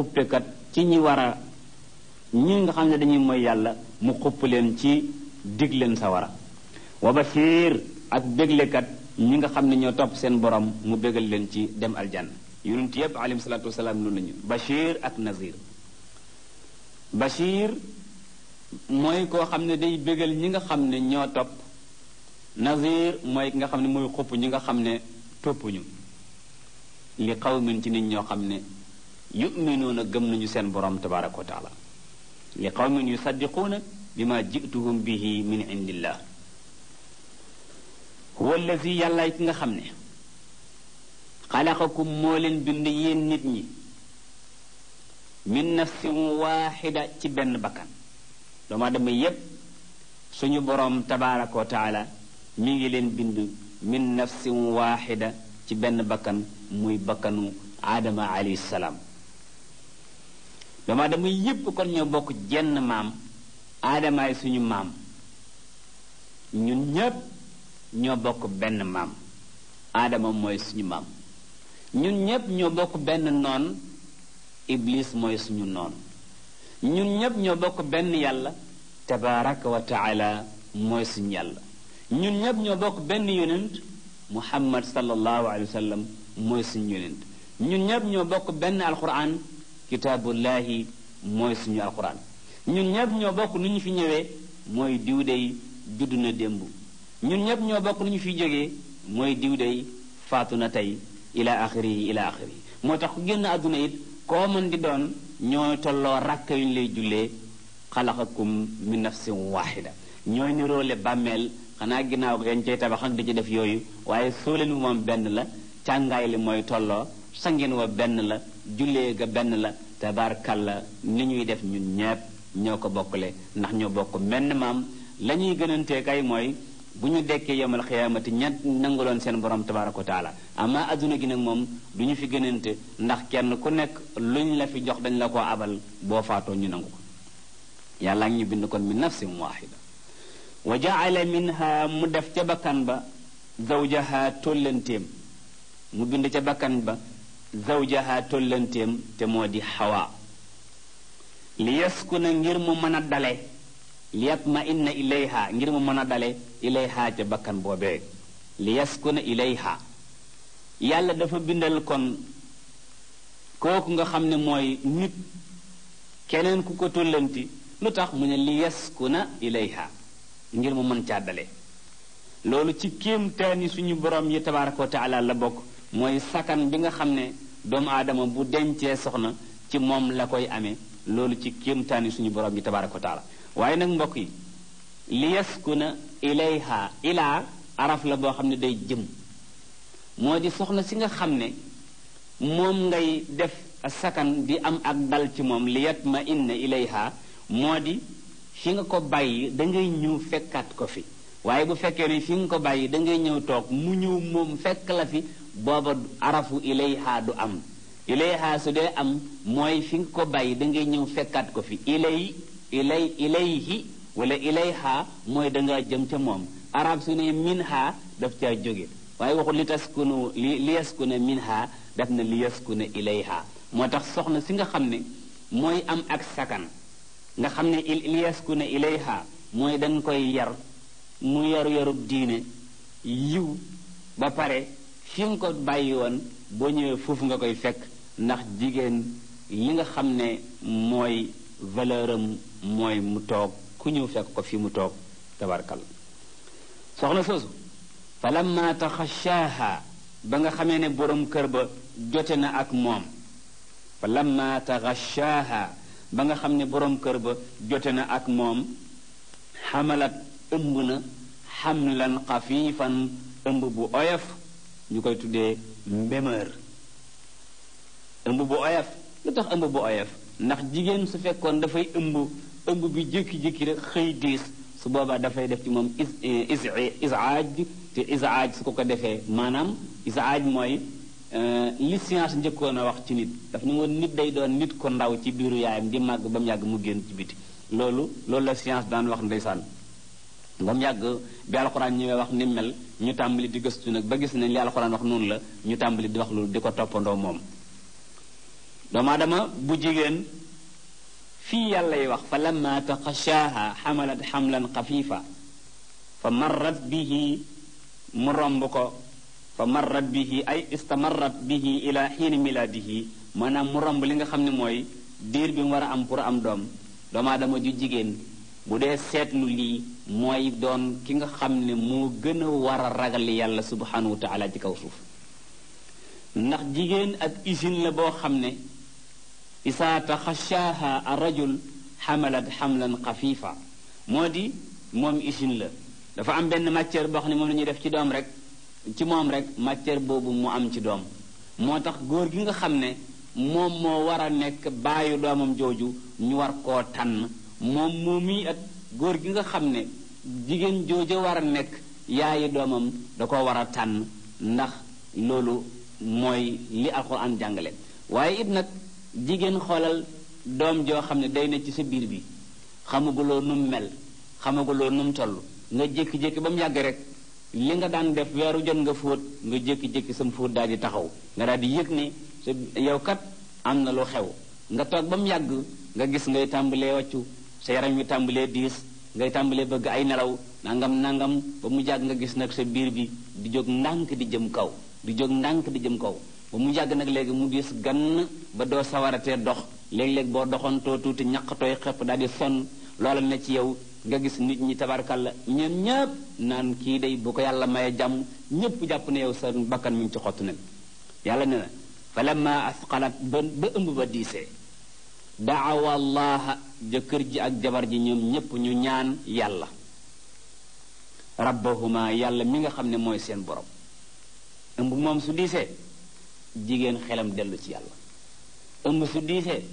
xuppekat ci ñi war a ñi nga xam ne dañuy mooy yàlla mu xupp leen ci dig leen sawara wa basiir ak béglekat ñi nga xam ne ñoo topp seen borom mu bégal leen ci dem aljanna yonent yépp alayhi salaatu wasalaam loolu lañu bachir ak nazir bashir mooy koo xam ne day bégal ñi nga xam ne ñoo topp nazir mooy ki nga xam ne mooy xupp ñi nga xam ne toppuñu li xawmin ci nit ñoo xam ne yuminuuna gëm nañu seen boroom tabaraka wa taala li qawmin bi ma jituhum bihi min indillah huwa allazi yàllaay ki nga xam ne xalaqakum moo leen bind yéen nit ñi min nafsin waaxida ci benn bakkan doomu aadama yépp suñu boroom tabaraka wa taala mi ngi leen bind min nafsin waaxida ci benn bakkan muy bakkanu aadama alayhi salaam doomu aadama yépp kon ñoo bokk jenn maam aadamaay suñu maam ñun ñépp ñoo bokk benn maam aadama mooy suñu maam ñun ñépp ñoo bokk benn noon iblis mooy suñu noon ñun ñépp ñoo bokk benn yàlla tabaraka wa taala mooy suñu yàlla ñun ñépp ñoo bokk benn yonent muhammad sallallahu alayhi wa sallam mooy suñu yonent ñun ñépp ñoo bokk benn alquran kitaabullaahi mooy suñu alquran ñun ñëpp ñoo bokk nu ñu fi ñëwee mooy diw dey judd na démb ñun ñëpp ñoo bokk nu ñu fi jógee mooy diw dey faatu na tey ila axiri ila axiri moo tax ku génn àdduna it koo mën di doon ñooy tolloo rakk yu ñu lay jullee xalaqakum min nafsin waahida ñooy niroole bàmmeel xanaa ginnaaw ko ngeen cay tabax ak di ci def yooyu waaye soo leen wu moom benn la càngaay li mooy tolloo sangeen wa benn la jullee ga benn la tabaarkàlla ni ñuy def ñun ñepp ñoo ko bokkale ndax ñoo bokk menn maam lañuy ñuy gënantee kay mooy bu ñu dekkee yomal xiyaamati ñett nanguloon seen borom tabaaraka wa taala amaa adduna gi nag moom du ñu fi gënante ndax kenn ku nekk luñ la fi jox dañ la ko abal boo faatoo ñu nangu ko yàlla ñu bind kon min nafsin waahida wa jaala minha mu def ca bakkan ba zawjaha tóllanteem mu bind ca bakkan ba zawjaha tollanteem te moo di xawa li yaskuna ngir mu mën a dale li yatma inna ilayha ngir mu mën a dale ilayha ca bàkkan boobee li yaskuna ilayha yàlla dafa bindal kon kooku nga xam ne mooy nit keneen ku ko tollanti lu tax mu ne li na ilayha ngir mu mën caa loolu ci kéemtaani suñu borom yi tabaraka wa taala la bokk mooy sakan bi nga xam ne doomu aadama bu dencee soxna ci moom la koy amee loolu ci kéemtaani suñu borom bi tabaraka wa taala waaye nag mbokk yi li yaskuna ilayha ilaa araf la boo xam ne day jëm moo di soxna si nga xam ne moom ngay def sakan di am ak dal ci moom liyat ma yatma inna ilayha moo di fi nga ko bàyyi da ngay ñëw fekkaat ko fi waaye bu fekkee ne fi nga ko bàyyi dangay ñëw toog mu ñëw moom fekk la fi booba arafu ilayha du am ilayha su dee am mooy fi nga ko bàyyi da ngay ñëw fekkaat ko fi ilay ilay ilayhi wala ilayha mooy da nga jëm ca moom arab su ne minha daf caa jóge waaye waxul li taskunu li ne minha daf na liyaskuna ilayha moo tax soxna si nga xam ne mooy am ak sakan nga xam ne liyaskuna ilayha mooy dañ koy yar mu yaru yarub diine yiw ba pare fi nga ko bàyyi woon boo ñëwee foofu nga koy fekk ndax jigéen yi nga xam ne mooy valeur am mooy mu toog ku ñëw fekk ko fi mu toog tabarkal soxna soosu falamma taxashaaha ba nga xamee ne borom kër ba na ak moom falamma taxashaaha ba nga xam ne boroom kër ba jote na ak moom xamalat ëmb na xamlan xafiifan ëmb bu oyof ñu koy tuddee mbémeur ëmb bu oyof lu tax ëmb bu oyof ndax jigéen su fekkoon dafay ëmb ëmb bi jëkki jékki rek xëy diis su boobaa dafay def ci moom is eh, eh, isaaj te isaaj su ko ko defee maanaam isaaj mooy eh, li science njëkkoon a wax ci nit daf ñu woon nit day doon nit ko ndaw ci biiru yaayam di màgg ba mu yàgg mu génn ci biti loolu loolu la science daan wax ndeysaan ba mu yàgg bi alxuraan ñëwee wax ni mel ñu tàmbali di gëstu nag ba gis nañ li alxuraan wax noonu la ñu tàmbali di wax loolu di ko toppandoo moom doomu bu jigéen fii yàlla yi wax fa lamma taxashaaha xamalat xamlan xafiifa fa marrat bihi mu romb ko fa marrat bihi ay bi istamarrat bihi ila xiini milaadihi maanaam mu romb li nga xam ne mooy diir bi mu war a am pour am doom doomu ju jigéen bu dee seetlu lii mooy doon ki nga xam ne moo gën a war a ragal yàlla subhanahu wa ci kaw suuf ndax jigéen ak usine la boo xam ne isaa taxashaaha a rajul xamalat xamlan xafiifa moo di moom usine la dafa am benn matière boo xam ne moom la ñuy def ci doom rek ci moom rek matière boobu mu am ci doom moo tax góor gi nga xam ne moom moo war a nekk bàyyi doomam jooju ñu war koo tànn moom moomi at góor gi nga xam ne jigéen jooja war a nekk yaay doomam da ko war a tànn ndax loolu mooy li alxuraan jàngale waaye it nag jigéen xoolal doom joo xam ne day ne ci sa biir bi xamaguloo nu mu mel xamaguloo nu mu toll nga jékki-jékki ba mu yàgg rek li nga daan def weeru jot nga fóot nga jékki-jékki sam fóot daal di taxaw nga daal di yëg ne yow kat am na lu xew nga toog ba mu yàgg nga gis ngay tàmbalee wàccu sa yaram wi tàmbalee diis ngay tàmbalee bëgg ay nelaw nangam nangam ba mu jàgg nga gis nag sa biir bi di jóg ndànk di jëm kaw di jóg ndànk di jëm kaw ba mu jàgg nag léegi mu diis gann ba doo sawaratee dox léeg-léeg boo doxantoo tuuti ñaqtooy xëpp daal di sonn loola ne ci yow nga gis nit ñi tabarkalla ñoom ñëpp naan kii dey bu ko yàlla maye jàmm ñëpp jàpp ne yow sa bakkan mi ngi ci xottu nag yàlla ne na falamma asqalat ba ba ëmb ba diisee daawa jëkkër ji ak jabar ji ñoom ñépp ñu ñaan yàlla rabbahuma yàlla mi nga xam ne mooy seen borom ëmb moom su diisee jigéen xelam dellu ci yàlla ëmb su diisee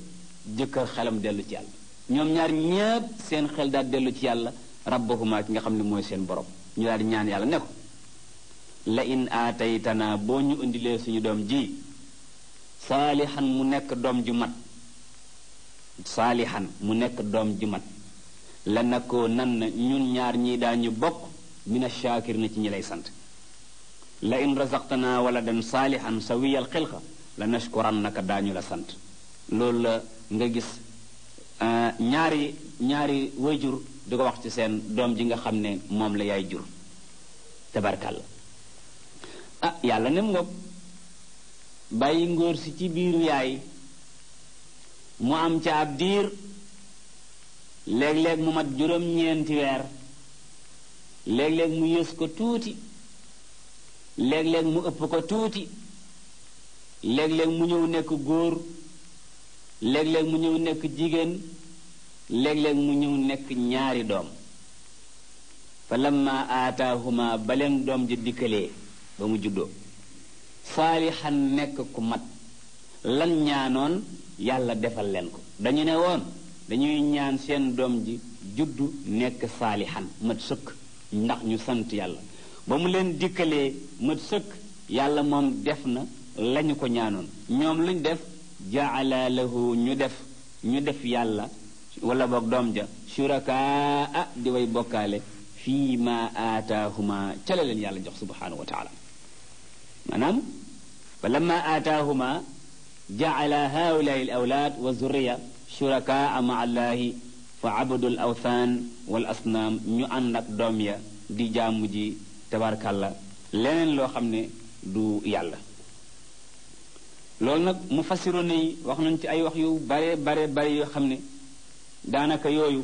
jëkkër xelam dellu ci yàlla ñoom ñaar ñépp seen xel daal dellu ci yàlla rabbahuma ki nga xam ne mooy seen borom ñu daal di ñaan yàlla ne ko la in aataytana boo ñu indilee suñu doom ji saalihan mu nekk doom ju mat saalihan mu nekk doom ji mat la na ko nan ñun ñaar ñii daañu bokk mina shaakir na ci ñi lay sant la in razaqtana waladan saalihan sawiyal xilqa la nashkurannaka daañu la sant loolu la nga gis ah, ñaari ñaari wayjur di ko wax ci seen doom ji nga xam ne moom la yaay jur tabarkàlla ah yàlla nem ngoog bàyyi ngóor si ci biiru yaay mu am ca diir léeg-léeg mu mat juróom-ñeenti weer léeg-léeg mu yées ko tuuti léeg-léeg mu ëpp ko tuuti léeg-léeg mu ñëw nekk góor léeg-léeg mu ñëw nekk jigéen léeg-léeg mu ñëw nekk ñaari doom fa lamma aataahuma ba leen doom ji dikkalee ba mu juddoo saalihan nekk ku mat lan ñaanoon yàlla defal leen ko dañu ne woon dañuy ñaan seen doom ji juddu nekk saalixan mët sëkk ndax ñu sant yàlla ba mu leen dikkalee mët sëkk yàlla moom def na lañu ko ñaanoon ñoom luñ def jaala ñu def ñu def yàlla wala boog doom ja shurakaa di way bokkaale fi ma aataahuma ca la leen yàlla jox subhanahu wa taala maanaam fa lamma jacala haulaai alawlaad wa zurriya shurakaa ma wal asnaam ñu ànd ak doom ya di jaamu ji tabarkàlla leneen loo xam ne du yàlla loolu nag mu fassiroon yi wax nañ ci ay wax yu bare bare bare yoo xam ne daanaka yooyu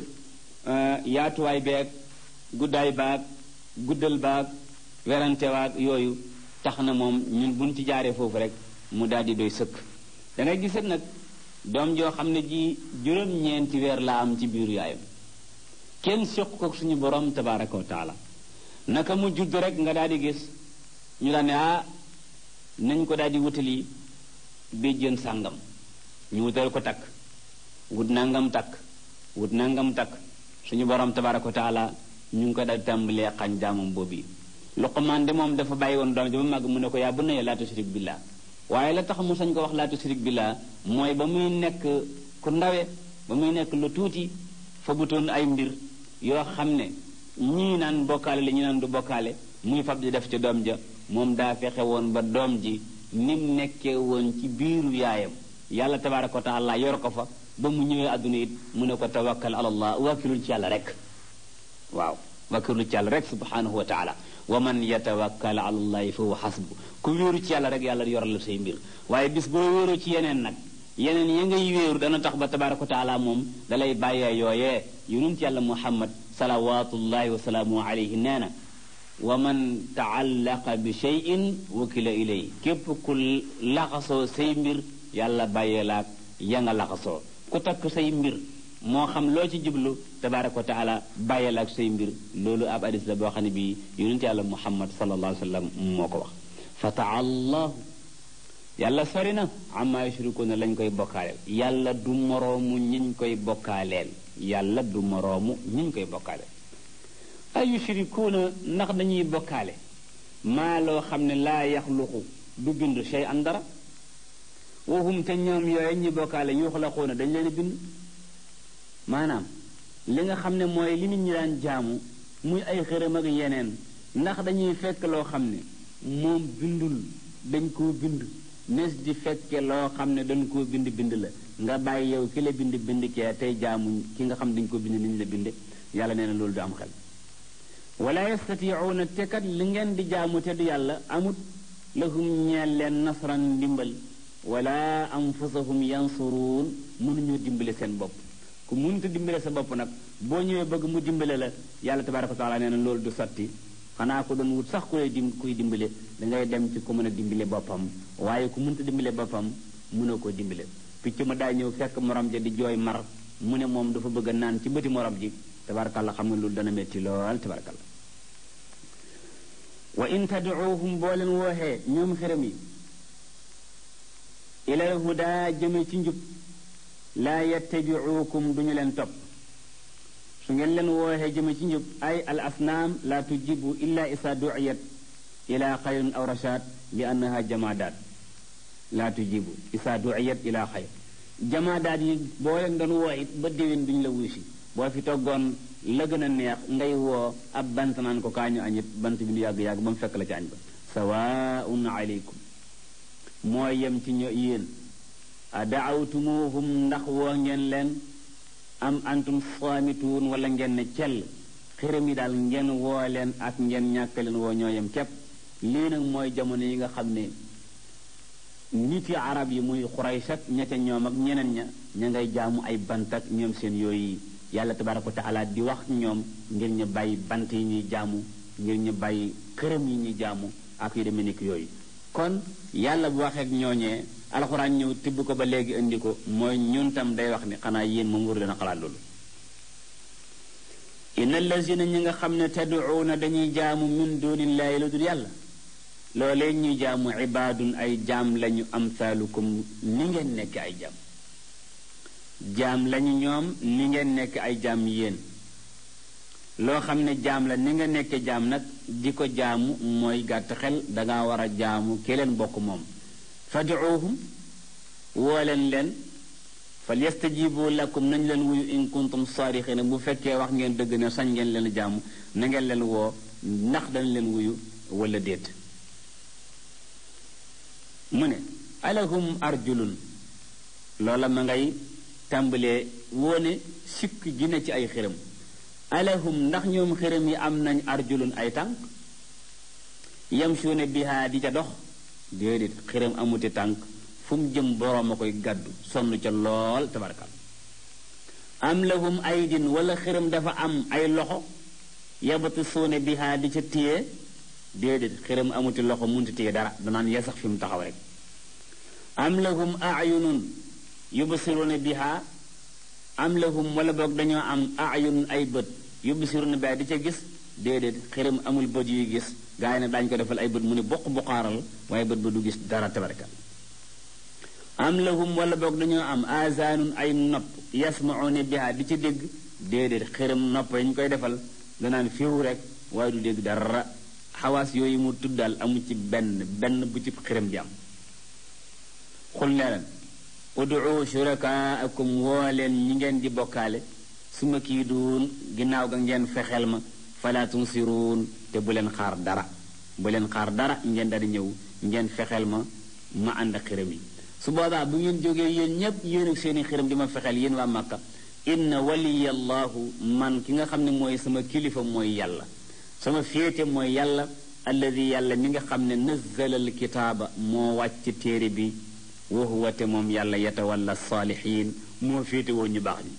euh, yaatuwaay beeg guddaay baag guddal baag werante yooyu tax na moom ñun buñ ci jaaree foofu rek mu daal di doy sëkk dangay ngay gisat nag doom joo xam ne ji juróom-ñeenti weer laa am ci biiru yaayam kenn seq ko suñu borom tabaraka wa taala naka mu judd rek nga daal di gis ñu daan ne ah nañ ko daal di wutali béjjën sàngam ñu wutal ko takk wut nangam takk wut nangam takk suñu borom tabaraka wa taala ñu ngi ko daal di tàmbalee xañ jaamam boobu yi Luqmaan de moom dafa bàyyi woon doom ji ba màgg mu ne ko yaa bunayya laa tushrik billah waaye la tax mu sañ ko wax laa bi laa mooy ba muy nekk ku ndawe ba muy nekk lu tuuti fabutoon ay mbir yoo xam ne ñii naan bokkaale la ñi naan du bokkaale muy fab di def ci doom ja moom daa fexe woon ba doom ji nim nekkee woon ci biiru yaayam yàlla tabaaraka ko taala yor ko fa ba mu ñëwee àdduna it mu ne ko tawakkal ala allah ci yàlla rek waaw wakkilul rek subhanahu wa man yatawakkal ala allahi fa huwa xasbu ku wéeru ci yàlla rek yàlla yoral la say mbir waaye bis boo wéeroo ci yeneen nag yeneen ya ngay wéeru dana tax ba tabaraka wa taala moom dalay bàyyee yooyee yonent yàlla muhammad salawatullahi wa salaamu alayhi nee na wa man taallaqa bi cheyin wakila ilay képp ku laxasoo say mbir yàlla bàyyee laak ya nga ku takk say mbir moo xam loo ci jiblu tabaaraka wa taala bàyyil ak say mbir loolu ab hadis la boo xam ne bii yonent yàlla muhammad sallallahu alayhi wa sallam moo ko wax fa yàlla sori na amma yushrikuuna lañ koy bokkaaleel yàlla du moroomu ñiñ koy bokkaaleel yàlla du moroomu ñiñ koy bokkaaleel ay yushrikuuna ndax dañuy bokkaale maa loo xam ne laa yaxluqu du bind shay an dara wa hum te ñoom yooyu ñi bokkaale yuxlaquuna dañ leen bind maanaam li nga xam ne mooy li nit ñi daan jaamu muy ay xërëm ak yeneen ndax dañuy fekk loo xam ne moom bindul dañ koo bind nes di fekke loo xam ne dañ koo bind bind la nga bàyyi yow ki la bind bind kee tey jaamu ki nga xam dañ ko bind niñ la bindee yàlla nee na loolu du am xel wala yastatiuuna te kat li ngeen di jaamu te du yàlla amut lahum ñeel leen nasran ndimbal wala anfusahum yansuruun mënuñoo dimbale seen bopp ku mënta dimbale sa bopp nag boo ñëwee bëgg mu dimbale la yàlla tabaraka wa taala nee na loolu du sotti xanaa ko doon wut sax ku lay dim kuy dimbale dangay dem ci ku mën a dimbale boppam waaye ku mënta dimbale boppam mënoo koo dimbale picc ma daay ñëw fekk morom ja di jooy mar mu ne moom dafa bëgg naan ci bëti morom ji tabarakalla xam nga loolu dana metti lool tabarakalla wa in tad'uuhum boo leen wooxee ñoom xërëm yi ilal huda jëme ci njub laa yattabicuukum duñu leen topp su ngeen leen wooxee jëme ci njub ay al asnaam laa tujibu illa isaa duciyat ila xayrin aw rashaad li annaha jamaadaat laa tujibu isaa duciyat ila xayr jamaadaat yi boo leen doon woo it ba déwén duñu la wuusi boo fi toggoon la gën a neex ngay woo ab bant naan ko kaa ñu añit bant bi lu yàgg-yàgg ba mu fekk la ci añ ba sawaaun aleykum moo yem ci ño yéen a daawtumuhum ndax woo ngeen leen am antum saamituun walla ngeen ne cell xërëm yi daal ngeen woo leen ak ngeen ñàkk leen woo ñooyam képp lii nag mooy jamono yi nga xam ne nit yi arab yi muy xurays ak ña ca ñoom ak ñeneen ña ña ngay jaamu ay bant ak ñoom seen yooyu yàlla tabaraka wa taala di wax ñoom ngir ñu bàyyi bant yi ñuy jaamu ngir ñu bàyyi xërëm yi ñuy jaamu ak yu demee nekk yooyu kon yàlla bu waxee ñooñee alxuraan ñëw tibb ko ba léegi indi ko mooy ñun tam day wax ni xanaa yéen moom wër leen a xalaat loolu inna allazina ñi nga xam ne na dañuy jaamu min duunillaahi lu dul yàlla loolee ñuy jaamu ibaadun ay jaam lañu am amsaalukum ni ngeen nekke ay jaam jaam lañu ñoom ni ngeen nekk ay jaam yéen loo xam ne jaam la ni nga nekke jaam nag di ko jaamu mooy gàtt xel danga war a jaamu ki leen bokk moom fadcuuhum woo leen leen fal yastajibu lakum nañ leen wuyu in kuntum saarixiina bu fekkee wax ngeen dëgg ne sañ ngeen leen jaamu na ngeen leen woo ndax dañ leen wuyu walla déet mu ne alahum arjulun loola ma ngay tàmbalee woone sikk gi ne ci ay xërëm alahum ndax ñoom xërëm yi am nañ arjulun ay tànk yamsuuna biha di ca dox déedéet xiram amuti tànk fu mu jëm boroom a koy gàddu sonn ca lool tabarkal am lahum aydin wala xiram dafa am ay loxo yabatu suune bihaa di ca téye déedéet xiram amuti loxo mun munti téye dara danaan ya sax fi mu taxaw rek am lahum ayunun yubsiruuna bihaa am lahum wala boog dañoo am ay bët yubsiruuna bihaa di ca gis déedéet xërëm amul bët yuy gis gaa yi ne daañu ko defal ay bët mu ne bokk boqaaral waaye bët ba du gis dara tabaraka am lahum wala boog dañu am azanun ay nopp yasmauna biha di ci dégg déedéet xërëm nopp yi ñu koy defal danaan fiw rek waaye du dégg dara xawaas yooyu mu tuddal amu ci benn benn bu ci xërëm di am xul ne leen uduu shurakaakum woo leen ñi ngeen di bokkaale su ma kii duun ginnaaw ga ngeen fexeel ma fala tunsiruun te bu leen xaar dara bu leen xaar dara ngeen dal ñëw ngeen fexeel ma ma ànd ak xiram yi su boobaa bu ngeen jógee yéen ñépp yéen ak seeni xiram di ma fexeel yéen waa Màkka inna waliyallahu man ki nga xam ne mooy sama kilifa mooy yàlla sama féete mooy yàlla yàlla mi nga xam ne nazzala alkitaaba moo wàcc téere bi wa te moom yàlla yatawalla saalihiin moo féete woon ñu baax ñi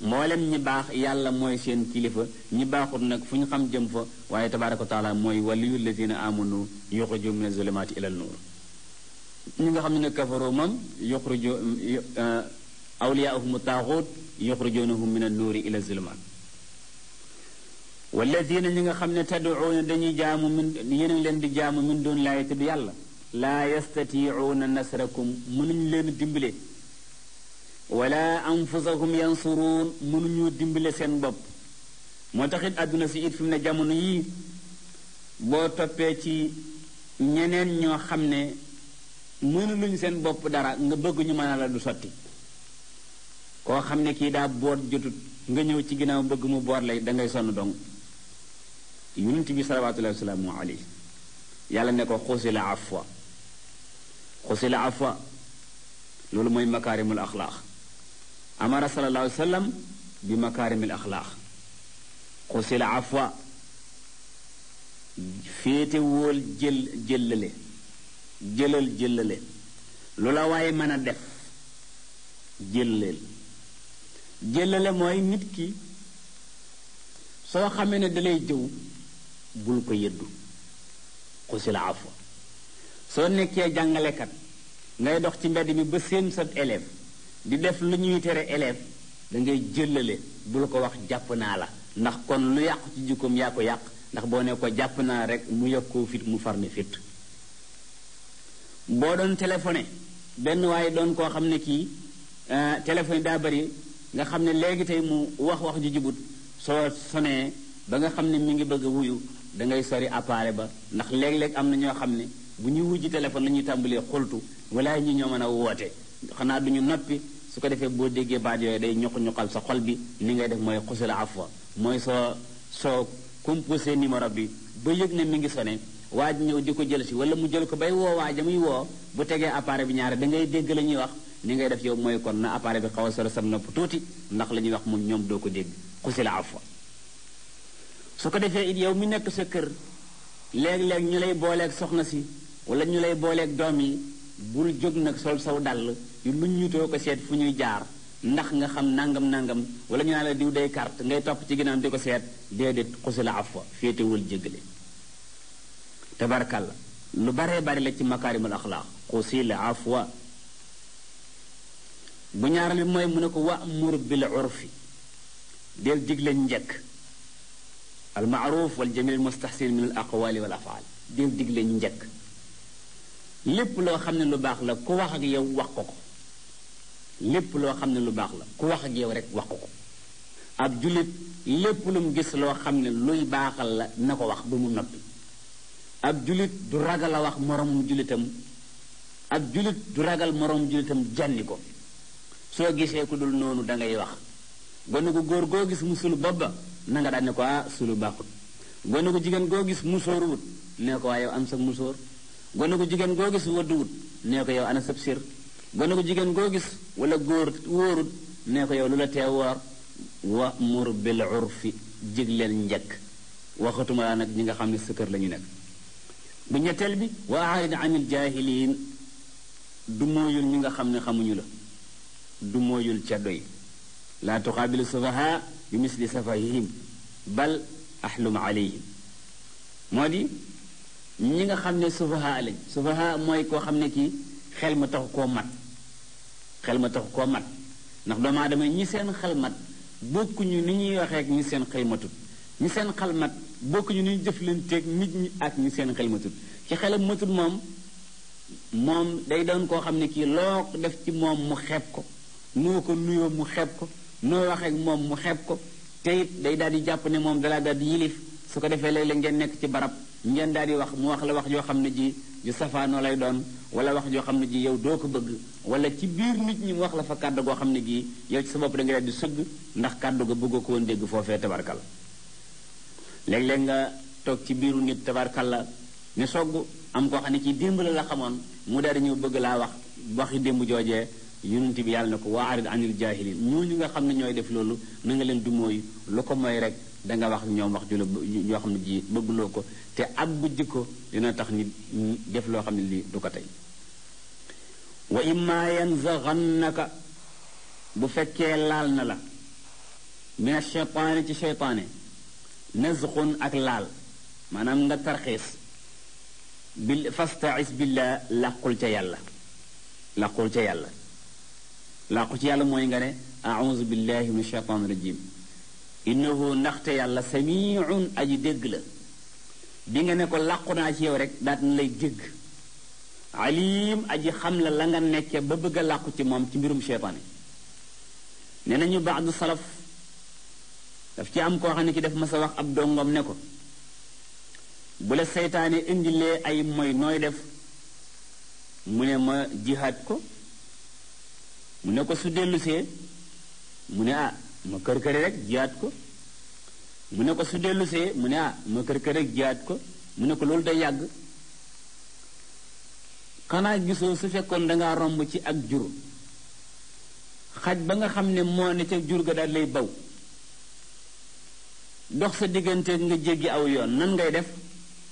mboolem ñi baax yàlla mooy seen kilifa ñi baaxut nag fu ñu xam jëm fa waaye tabaaraka wa mooy waliyu lazina amanu yuxriju min azulumaati ilal nuur ñi nga xam ne nag kafaroo moom yuxriju uh, awliyaahum taaxuut yuxrijunahum min annuuri ila zulumaat walladina ñi nga xam ne tadcuuna dañuy jaamu min yéen leen di jaamu min doon laay tudd yàlla laa yastatiicuuna nasrakum mënuñ leen dimbale wala anfusahum yansuruun mënuñoo dimbale seen bopp moo taxit àdduna si it fi ne jamono yii boo toppee ci ñeneen ñoo xam ne mënuluñ seen bopp dara nga bëgg ñu mën a la du sotti koo xam ne kii daa boot jotut nga ñëw ci ginnaaw bëgg mu boor lay da ngay sonn dong yonent bi salawaatullahi wa salaamu alayhi yàlla ne ko xusi la afwa xusi la afwa loolu mooy makaarimul axlaax amara sallallahu alayhi wa sallam bi makaarimil axlaaq xusil afwa féete wóol jël jëllale jëlal jëllale lu la waaye mën a def jëlleel jëllale mooy nit ki soo xamee ne dalay jëw bul ko yëddu xusil afwa soo nekkee jàngalekat ngay dox ci mbedd mi ba séen sa élève di def lu ñuy tere élève da ngay jëlale bu la ko wax jàpp naa la ndax kon lu yàqu ci jikkoom yaa ko yàq ndax boo ne ko jàpp naa rek mu yëg koo fit mu far ni fit boo doon téléphoné benn waaye doon koo xam ne kii euh, téléphone daa bari nga xam ne léegi tey mu wax wax ju jubut soo sonee ba nga xam ne mi ngi bëgg a wuyu da ngay sori appareil ba ndax léeg-léeg am na ñoo xam ne bu ñuy wujji téléphone la ñuy tàmbalee xultu walaay ñi ñoo mën a woote xanaa duñu noppi su ko defee boo déggee baat yooyu day ñoq-ñoqal sa xol bi ni ngay def mooy xusul afwa mooy soo soo composé numéro bi ba yëg ne mi ngi sone waaj ñëw di ko jël si wala mu jël ko bay woo waaja muy woo bu tegee appareil bi ñaare da ngay dégg la ñuy wax ni ngay def yow mooy kon na appareil bi xaw a solo sam nopp tuuti ndax la ñuy wax moom ñoom doo ko dégg xusil afwa su ko defee it yow mi nekk sa kër léeg-léeg ñu lay booleeg soxna si wala ñu lay booleeg doom yi bul jóg nag sol saw dàll ñu luñ ñu ko seet fu ñuy jaar ndax nga xam nangam nangam wala ñu naa la diw day carte ngay topp ci ginnaaw di ko seet déedéet xusula afwa féetewul jéggale tabarkàlla lu bare bari la ci makaarimul axlaaq xusil afwa bu ñaaral bi mooy mu ne ko wamur bil urfi del digle njëkk al maaruf wal jamil mustahsin min al wal afaal del digle njëkk lépp loo xam ne lu baax la ku wax ak yow wax ko ko lépp loo xam ne lu baax la ku wax ak yow rek wax ko ab jullit lépp lu mu gis loo xam ne luy baaxal la na ko wax bu mu noppi ab jullit du ragal a wax moroomum jullitam ab jullit du ragal moroomum jullitam jànni ko soo gisee ku dul noonu dangay wax gone gu góor goo gis mu sulu bopp ba na nga daan ne ko ah sulu baaxut gone gu jigéen goo gis musóor wut nee ko ah, waaye am sa musóor gone gu jigéen goo gis waddu wut nee ko yow ana sab sir gone gu jigéen goo gis wala góor wóorut nee ko yow lu la tee wa mur bil urfi jig leen njëkk waxatuma laa nag ñi nga xam ne sëkkër la ñu nekk bu ñetteel bi wa aarid anil jaahiliin du mooyul ñi nga xam ne xamuñu la du mooyul ca doy laa tuqaabilu sufaha bi misli safahihim bal ahlum alayhim moo di ñi nga xam ne sufaha lañ sufaha mooy koo xam ne kii xel ma taxu koo mat xel ma taxu koo mat ndax doomu aadama ñi seen xel mat bokkuñu ni ñuy waxee ak ñi seen xel matut ñi seen xel mat bokkuñu ni ñuy jëflanteeg nit ñi ak ñi seen xel matut ci xelam matut moom moom day doon koo xam ne kii loo def ci moom mu xeeb ko noo ko nuyoo mu xeeb ko noo waxee ak moom mu xeeb ko te it day daal di jàpp ne moom dalaa daal di yilif su ko defee léeg-léeg ngeen nekk ci barab ngeen daal di wax mu wax la wax yoo xam ne ji ju safaanoo lay doon wala wax joo xam ne ji yow doo ko bëgg wala ci biir nit ñi wax la fa kàddu goo xam ne gii yow ci sa bopp da nga di sëgg ndax kàddu ga bëggoo ko woon dégg foofee tabarkal léeg leen nga toog ci biiru nit tabarkal la ne sogg am koo xam ne ci démb la la xamoon mu daal di ñëw bëgg laa wax waxi démb joojee yonent bi yàlla na ko waa arid anil jaahilin ñooñu nga xam ne ñooy def loolu na nga leen du mooy lu ko mooy rek da nga wax ñoom wax jula ñoo xam ne ji bëgguloo ko te ak bu jikko dina tax nit def loo xam ne lii du ko tey wa imma yanzaghannaka bu fekkee laal na la mina cheytaani ci cheytaane nazxun ak laal maanaam nga tarxiis bi fastaxis billaa làqul ca yàlla làqul ca yàlla làqu ci yàlla mooy nga ne auzu billahi min cheytaan rajim innahu ndaxte yàlla samiun aji dégg la bi nga ne ko làqu naa ci yow rek daat na lay dégg alim aji xam la la nga nekke ba bëgg a làqu ci moom ci mbirum seytaane ne nañu baadu salaf daf ci am koo xam ne ki def ma sa wax ab dongom ne ko bu la seytaane indilee ay moy nooy def mu ne ma jihaad ko mu ne ko su dellusee mu ne ah ma kër këri rek jiyaat ko mu ne ko su dellusee mu ne ah ma kër këri rek jiyaat ko mu ne ko loolu day yàgg xanaa gisoo su fekkoon dangaa romb ci ak jur xaj ba nga xam ne moo ne ca jur ga daal lay baw ndox sa diggante nga jéggi aw yoon nan ngay def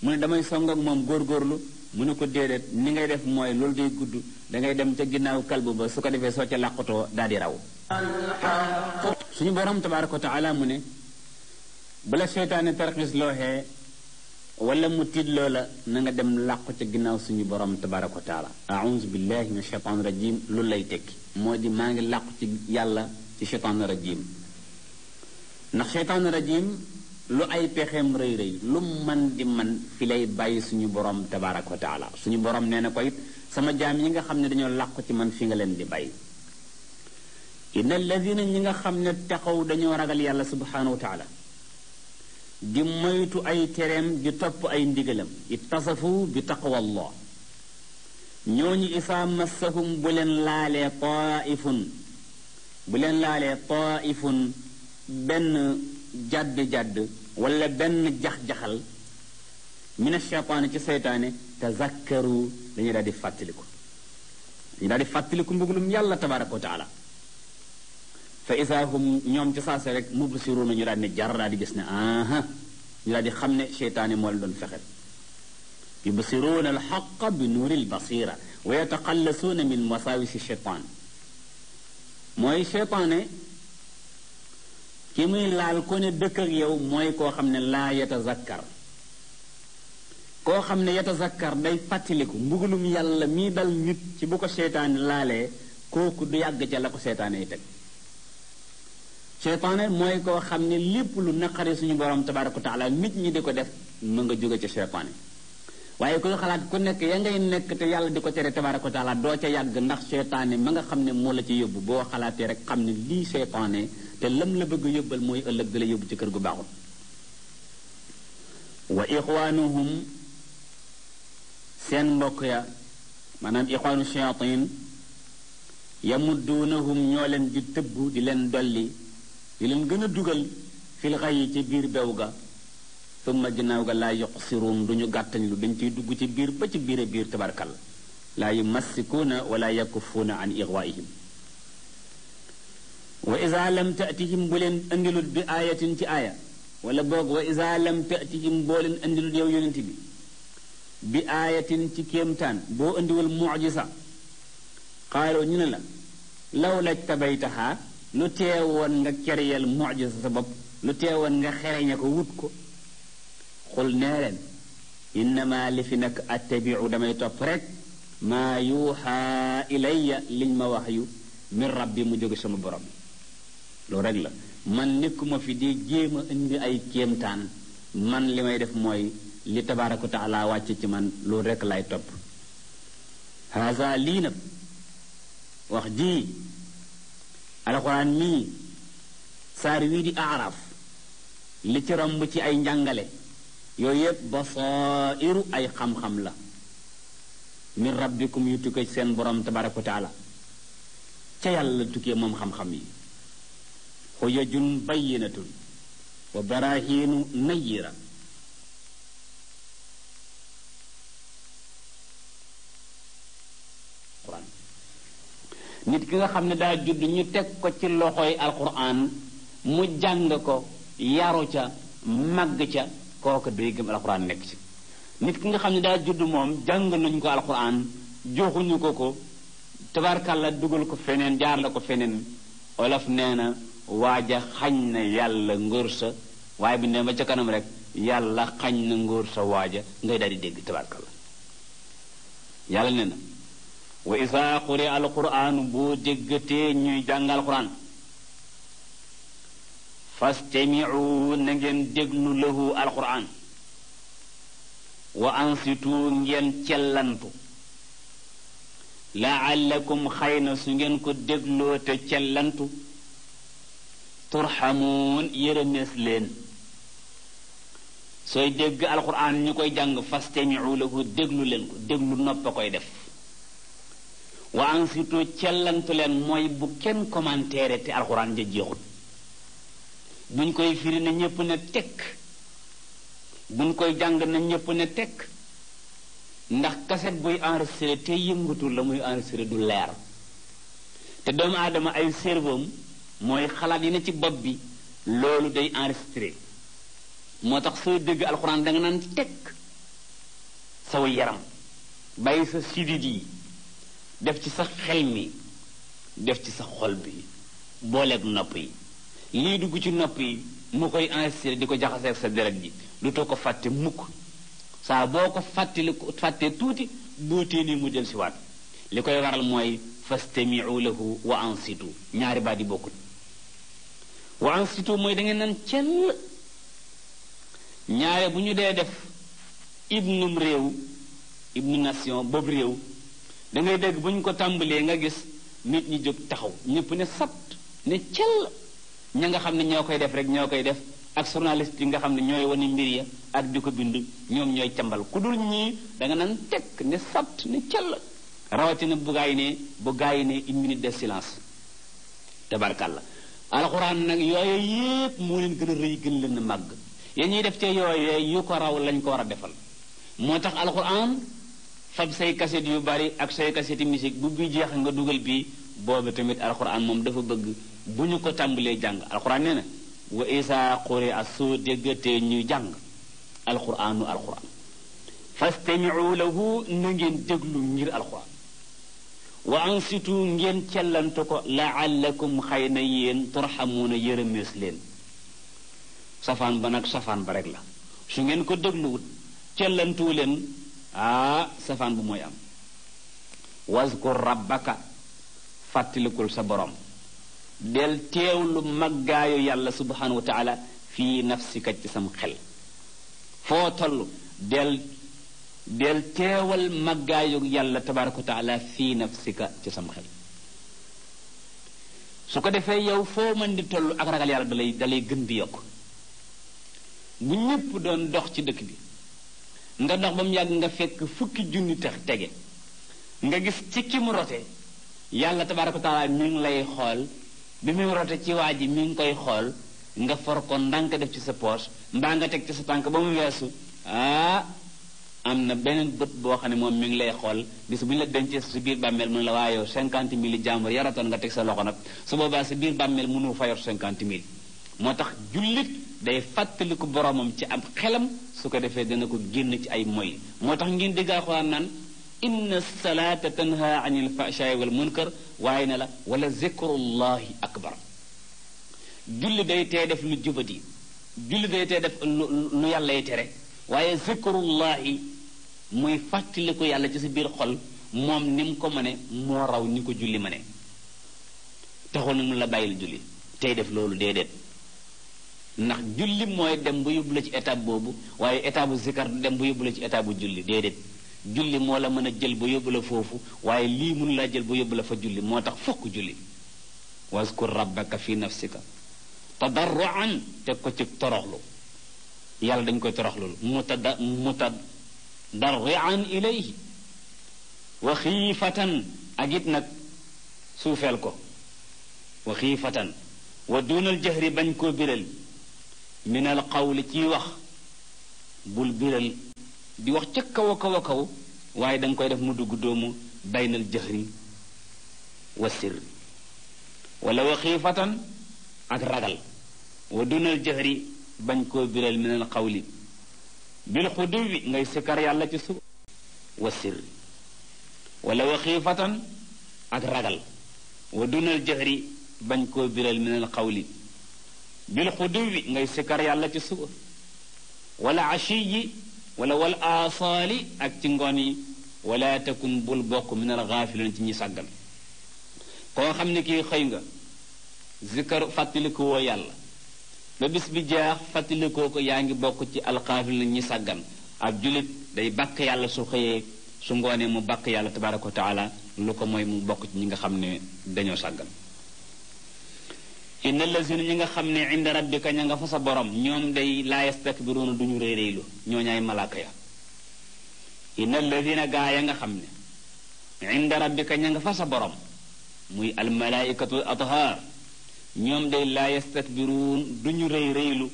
mu ne damay song ak moom góorgóorlu mu ne ko déedéet ni ngay def mooy loolu day gudd dangay dem ca ginnaaw kalbu ba su ko defee soo ca làqutoo daal di raw suñu borom tabaraka wa taala mu ne bala seytaane tarxis looxee wala mu tiit loola na nga dem làqu ca ginnaaw suñu borom tabaraka wa taala aouzu billahi min cheytaan rajim loolu lay tekki moo di maa ngi làqu ci yàlla ci cheytaan rajim ndax cheytaan rajim lu ay pexeem rëy rëy lu man di man fi lay bàyyi suñu borom tabaraka wa suñu borom nee na ko it sama jaam yi nga xam ne dañoo làqu ci man fi nga leen di bàyyi inna alladina ñi nga xam ne taxaw dañoo ragal yàlla subhanahu wa taala di moytu ay tereem di topp ay ndigalam ittasafu bi taqwa allah ñooñu isaa massahum bu leen laalee taaifun bu leen laalee taaifun benn jadd jàdd wala benn jax-jaxal mina sheytaane ci seytaane tazakkaru dañuy daal di fàttaliku dañuy daal fàttaliku mbugalum yàlla tabaraka wa fa isaahum ñoom ci saase rek mubsiruuna ñu daal ne jar daal di gis ne aha ñu daal di xam ne seytaane moo leen doon fexel yubsiruuna alxaqa bi nuuril basira wa yataqallasuuna min wasaawisi cheytaan mooy seytaane ki muy laal ko ne dëkk yow mooy koo xam ne laa yatazakkar koo xam ne yatazakkar day fàttaliku mbugalum yàlla mii dal nit ci bu ko seytaane laalee kooku du yàgg ca la ko seytaane teg seytaane mooy koo xam ne lépp lu naqari suñu borom tabaaraka taala mit ñi di ko def mën nga jóge ca seytaane waaye kuy xalaat ku nekk ya ngay nekk te yàlla di ko tere tabaaraka taala doo ca yàgg ndax seytaane ma nga xam ne moo la ci yóbbu boo xalaatee rek xam ne lii seytaane te lam la bëgg yóbbal mooy ëllëg di la yóbbu ci kër gu baaxul wa ixwaanuhum seen mbokk ya maanaam ixwaanu shayatin yamudduunahum ñoo leen di tëbb di leen dolli di leen gën a dugal fil xayi ci biir bew ga summa ginnaaw ga laa yoqsiruun duñu gàttañ lu dañ ciy dugg ci biir ba ci biir biir tabarkal laa yumassikuuna wala yakufuuna an ixwaihim wa isa lam tatihim bu leen andilut bi aayatin ci aaya wala boog wa isa lam tatihim boo leen andilut yow yonent bi bi aayatin ci kéemtaan boo indiwal mucjisa qaaloo ñu ne la law laj tabaytahaa lu teewoon nga keriyal mujisa sa bopp lu teewoon nga xereñe ko wut ko xul nee leen innama li fi nag attabiu damay topp rek ma yuuxaa ilayya liñ ma wax yu min rabbi mu jóge sama borom loolu rek la man nekkuma fi di jéem indi ay kéemtaan man li may def mooy li tabaaraka wa wàcce ci man loolu rekk lay topp haasa lii nag wax ji alxuraan mii saar wii di araf li ci romb ci ay njàngale yooyu yépp ay xam-xam la min rabbikum yu tukkee seen borom tabaraka wa taala ca yàlla tukkee moom xam-xam yi xujajun bayyinatun wa barahinu nayira nit ki nga xam ne daal judd ñu teg ko ci loxoy alquran mu jàng ko yaru ca màgg ca kooku day gëm alquran nekk ci nit ki nga xam ne daal judd moom jàng nañu ko alquran joxuñu ko ko tabarkalla dugal ko feneen jaar la ko feneen olof nee na waaja xañ na yàlla ngóor sa waaye bu ne ba ca kanam rek yàlla xañ na ngóor sa waaja ngay daal di dégg tabarkalla yàlla nee na wa isaa xuri alquraan boo déggatee ñuy jàng alquraan fastamiu na ngeen déglu lahu alquraan wa ansitu ngeen cellantu laallakum xëy na su ngeen ko dégloo te cellantu turxamuun yërëmees leen sooy dégg alquraan ñu koy jàng fastamiu lahu déglu leen ko déglu noppa koy def waa ansitu cellantu leen mooy bu kenn commentaire te alxuraan ja jeexut buñ koy firi na ñépp ne tekk buñ koy jàng na ñépp na tekk ndax kaset buy enregistré te yëngatul la muy enregistré du leer te doomu aadama ay cerveau mooy xalaat yi ne ci bopp bi loolu day enregistré moo tax soo dégg alxuraan da nga naan tekk saw yaram bàyyi sa sidit yi def ci sa xel mi def ci sa xol bi booleeg nopp yi lii dugg ci nopp yi mu koy enregistré di ko jaxaseeg sa deret ji lu too ko fàtte mukk saa boo ko ko fàttee tuuti boo téeni mu jël si waat li koy waral mooy fastamiu ko wa ansitu ñaari baat yi bokkut wa ansitu mooy da ngeen nan cell ñaare bu ñu dee def ibnum réew ibnu nation boobu réew da ngay dégg bu ñu ko tàmbalee nga gis nit ñi jóg taxaw ñëpp ne sat ni cell ña nga xam ne ñoo koy def rek ñoo koy def ak journaliste yi nga xam ne ñooy wane mbir ya ak di ko bind ñoom ñooy cambal ku dul ñii danga nga naan tekk ne sat ne cell rawatina bu gaay ne bu gaay ne une minute de silence tabarkàlla alxuraan nag yooyu yépp moo leen gën a rëy gën leen a màgg ya ñuy def te yooyu yu ko raw lañ ko war a defal moo tax alxuraan fab say kaset yu bari ak say kaseti musique bu bi jeex nga dugal bii boobu tamit alxuraan moom dafa bëgg bu ñu ko tàmbalee jàng alxuraan nee na wa isa xuri a soo déggatee ñuy jàng alxuraanu alxuraan fastamiu lahu na ngeen déglu ngir alxuraan wa ansitu ngeen cellante ko laallakum xay na yéen turxamuuna yërëmees leen safaan ba nag safaan ba rek la su ngeen ko dégluwut cellantuwu leen aa ah, safaan bu mooy am waskur rabbaka fàttalikul sa boroom del teewlu maggaayu yàlla subhanahu wa taala fii nafsika ci sam xel foo toll del yàlla tabaraka fii nafsika sam xel su ko defee yow foo mën di toll ak ragal yàlla dalay dalay gën di yokk bu ñépp doon dox ci dëkk bi nga dox ba mu yàgg nga fekk fukki junni tax tege nga gis ci ki mu rote yàlla tabaaraka taala mi ngi lay xool bi muy rote ci waa ji mi ngi koy xool nga for ko ndànk def ci sa poche mbaa nga teg ci sa tànk ba mu weesu ah am na beneen bët boo xam ne moom mi ngi lay xool bis bu ñu la dencee si biir bàmmeel mu ne la waaye yow cinquante mille jàmbur yaratoon nga teg sa loxo nag su boobaa si biir bàmmeel mënu fa yor cinquante mille moo tax jullit day fàttaliku boromam ci am xelam su ko defee dana ko génn ci ay moy moo tax ngeen dégg Alxuraan naan inna salaata tanha anil fahshaai wal munkar waaye ne la wala zikrullahi akbar julli day tee def lu jubadi julli day tee def lu yàllay tere waaye zikrullahi muy fàttaliku yàlla ci si biir xol moom ni mu ko mëne moo raw ñu ko julli mëne taxul nag mu la bàyyil julli tey def loolu déedéet ndax julli mooy dem bu yóbbu la ci étape boobu waaye étape bu zikar dem bu yóbbu la ci étape bu julli déedéet julli moo la mën a jël ba yóbbu la foofu waaye lii mënu laa jël ba yóbbu la fa julli moo tax fokk julli waskur rabbaka fi nafsika tadarruan teg ko ci toroxlu yàlla dañ koy toroxlul mu mutadarrian ilayhi wa xiifatan ak it nag suufeel ko wa xiifatan wa duunal bañ koo biral minal xawli ciy wax bul biral di wax ca kaw a kaw a kaw waaye danga koy def mu dugg doomu baynal jahri wa sirri wala wa xiifatan ak ragal wa dunal jahri bañ koo biral minal xawli bil xudu wi ngay sikkar yàlla ci suba wa sirri wala wa xiifatan ak ragal wa dunal jahri bañ koo biral minal xawli bil xuduwi ngay sikkar yàlla ci suba wala ashiyi wala wal aasaali ak ci ngoon yi wala takun bul bokk min al gaafilin ci ñi sàggan koo xam ne kii xëy nga zikkar fàttaliku woo yàlla ba bis bi jeex fàttalikoo ko yaa ngi bokk ci alxaafil na ñi sàggan ab julit day bàkk yàlla su xëyee su ngoonee mu bàkk yàlla tabaraka wa taala lu ko mooy mu bokk ci ñi nga xam ne dañoo sàggan inna allazina ñi nga xam ne inda rabbika ña nga fa sa borom ñoom day laa yastakbiruuna duñu réeréylu ñoo ñaay malaaka ya inna allazina gaa ya nga xam ne inda rabbika ña nga fa sa borom muy almalaaikatul athaar ñoom day laa yastakbiruun duñu réy réylu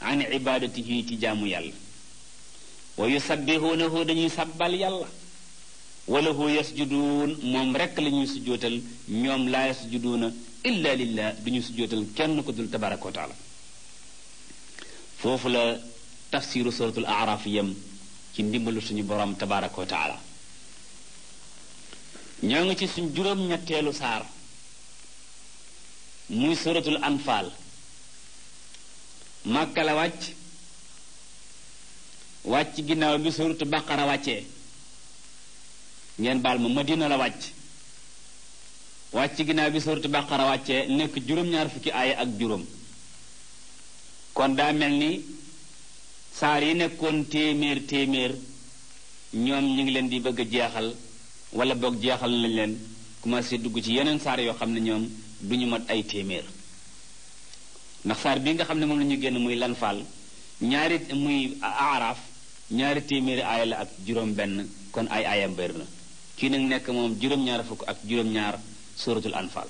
an ibaadatihi ci jaamu yàlla wa yusabbihuunahu dañuy sabbal yàlla walahu yasjuduun moom rekk la ñuy sujootal ñoom laa yasjuduuna illa lillah du ñu sujjootal kenn ko dul tabaraka wa foofu la tafsiru suratul araf yam ci ndimbalu suñu borom tabaraka wa ñoo ngi ci suñ juróom-ñetteelu saar muy suratul anfaal màkka la wàcc wàcc ginnaaw bi suratu baqara wàccee ngeen baal ma madina la wàcc wàcc ginnaaw bi suuratu baqara wàccee nekk juróom-ñaar fukki aaya ak juróom kon daa mel ni saar yi nekkoon téeméer téeméer ñoom ñu ngi leen di bëgg a jeexal walla boog jeexal lañ leen commencé dugg ci yeneen saar yoo xam ne ñoom du ñu mat ay téeméer ndax saar bii nga xam ne moom la ñu génn muy lan faal ñaari muy aaraaf ñaari téeméeri aaya la ak juróom benn kon ay aayam bëri na kii nag nekk moom juróom-ñaar fukk ak juróom-ñaar suratul anfal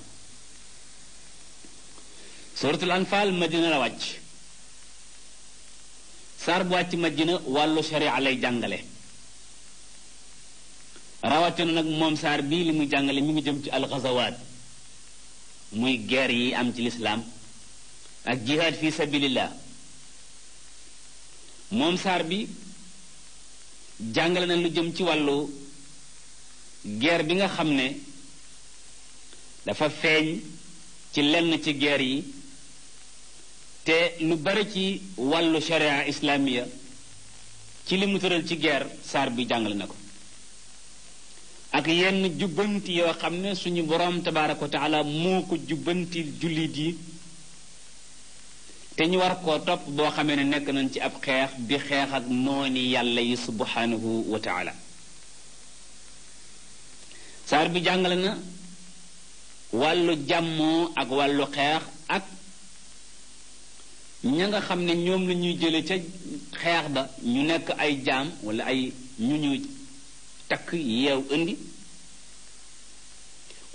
suratul anfal madina la wàcc saar bu wàcc madina wàllu sharia lay jàngale rawatina nag moom saar bii li muy jàngale mi ngi jëm ci alxazawaat muy guerre yi am ci lislaam ak jihaad fi sabilillah moom saar bi jàngale na lu jëm ci wàllu guerre bi nga xam ne dafa feeñ ci lenn ci guerre yi te nu bari ci wàllu sharia islamiya ci li mu tëral ci guerre saar bi jàngale na ko ak yenn jubbanti yoo xam ne suñu boroom tabaaraka wa taala moo ko jubbanti jullit yi te ñu war koo topp boo xamee ne nekk nañ ci ab xeex di xeex ak nooni yàlla yi subhanahu wa taala saar bi jàngale na wàllu jàmmoo ak wàllu xeex ak ña nga xam ne ñoom la ñuy jële ca xeex ba ñu nekk ay jaam wala ay ñu ñu takk yeew indi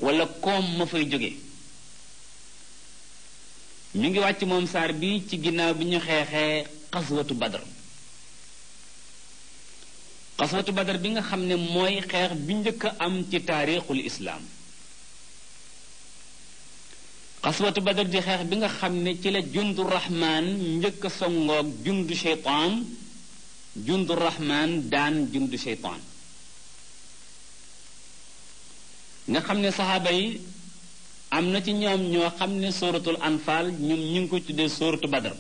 walla koom ma fay jóge ñu ngi wàcc moom saar bi ci ginnaaw bi ñu xeexee xaswatu badar xaswatu badar bi nga xam ne mooy xeex bi njëkk am ci taarixul islaam xaswatu badar di xeex bi nga xam ne ci la jundu rahmaan njëkk a songoog jundu sheytaan jundu rahmaan daan jundu sheytaan nga xam ne saxaaba yi am na ci ñoom ñoo xam ne sóoratul anfaal ñun ñu ngi ko tuddee sóoratu badar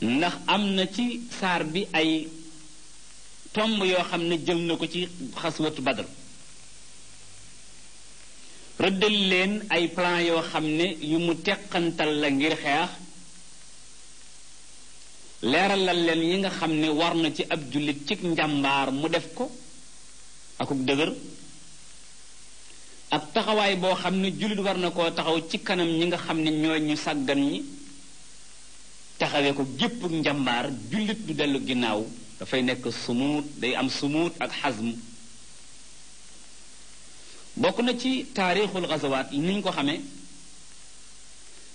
ndax am na ci saar bi ay tomb yoo xam ne jël na ko ci xaswatu badar rëddal leen ay plan yoo xam ne yu mu teqantal la ngir xeex leeralal leen yi nga xam ne war na ci ab jullit cig njàmbaar mu def ko akuk dëgër ak taxawaay boo xam ne jullit war na koo taxaw ci kanam ñi nga xam ne ñooy ñu sàggan ñi taxawee ko gépp njàmbaar jullit du dellu ginnaaw dafay nekk sumuut day am sumuut ak xasm bokk na ci taarixul gazawaat ni ñu ko xamee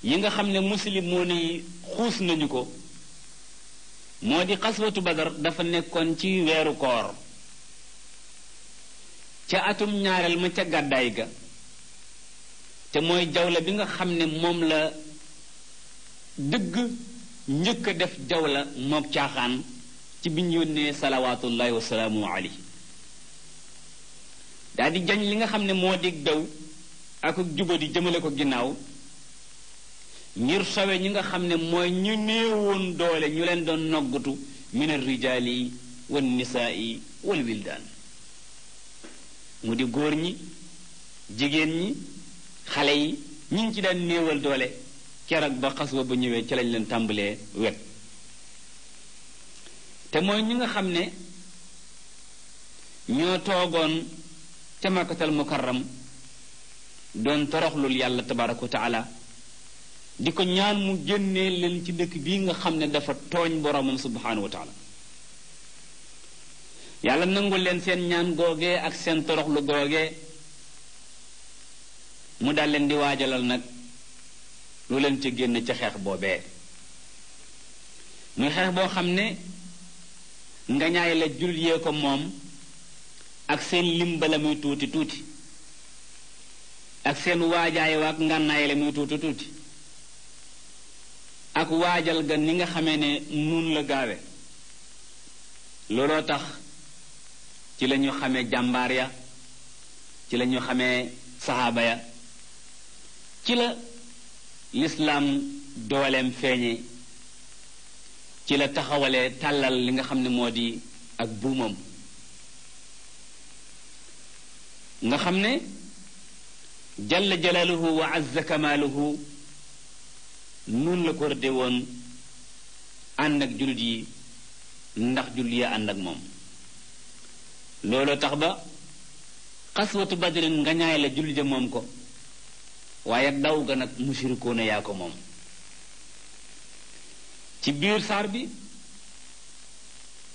yi nga xam ne muslim moo ni xuus nañu ko moo di xaswatu badar dafa nekkoon ci weeru koor ca atum ñaareel ma ca gàddaay ga te mooy jawle bi nga xam ne moom la dëgg njëkk a def jawla moom caaxaan ci bi ñu yónnee salawaatullahi wasalaamu alayhi daal di jañ li nga xam ne moo di daw ak juba di jëmale ko ginnaaw ngir sowe ñi nga xam ne mooy ñu néewoon doole ñu leen doon noggatu min arrijaali wan nisaai wal wildaan mu di góor ñi jigéen ñi xale yi ñu ngi ci daan néewal doole keroog ba xaswa ba ñëwee ci lañ leen tàmbalee wet te mooy ñi nga xam ne ñoo toogoon ca makkatal mukarram doon toroxlu yàlla tabaraka wa taala di ko ñaan mu génnee leen ci dëkk bii nga xam ne dafa tooñ boromam subhanahu wa yàlla nangu leen seen ñaan googee ak seen toroxlu googee mu dal leen di waajalal nag lu leen ca génn ca xeex boobee muy xeex boo xam ne nga ñaay la jullit yee ko moom ak seen lim muy tuuti tuuti ak seen waajaay wa ak ngànnaay muy tuuti tuuti ak waajal ga ni nga xamee ne nun la gaawe looloo tax ci lañu xame jàmbaar ya ci la ñu xamee saxaaba ya ci la lislaam dooleem feeñe ci la taxawale tàllal li nga xam ne moo di ak buumam nga xam ne jalla jalaaluhu wa azza kamaaluhu nun la ko rëdde woon ànd ak jullit yi ndax jullit yi ànd ak moom looloo tax ba xaswatu badrin nga ñaay la jullit ja moom ko waaye daw ga nag musirikoona yaa ko moom ci biir saar bi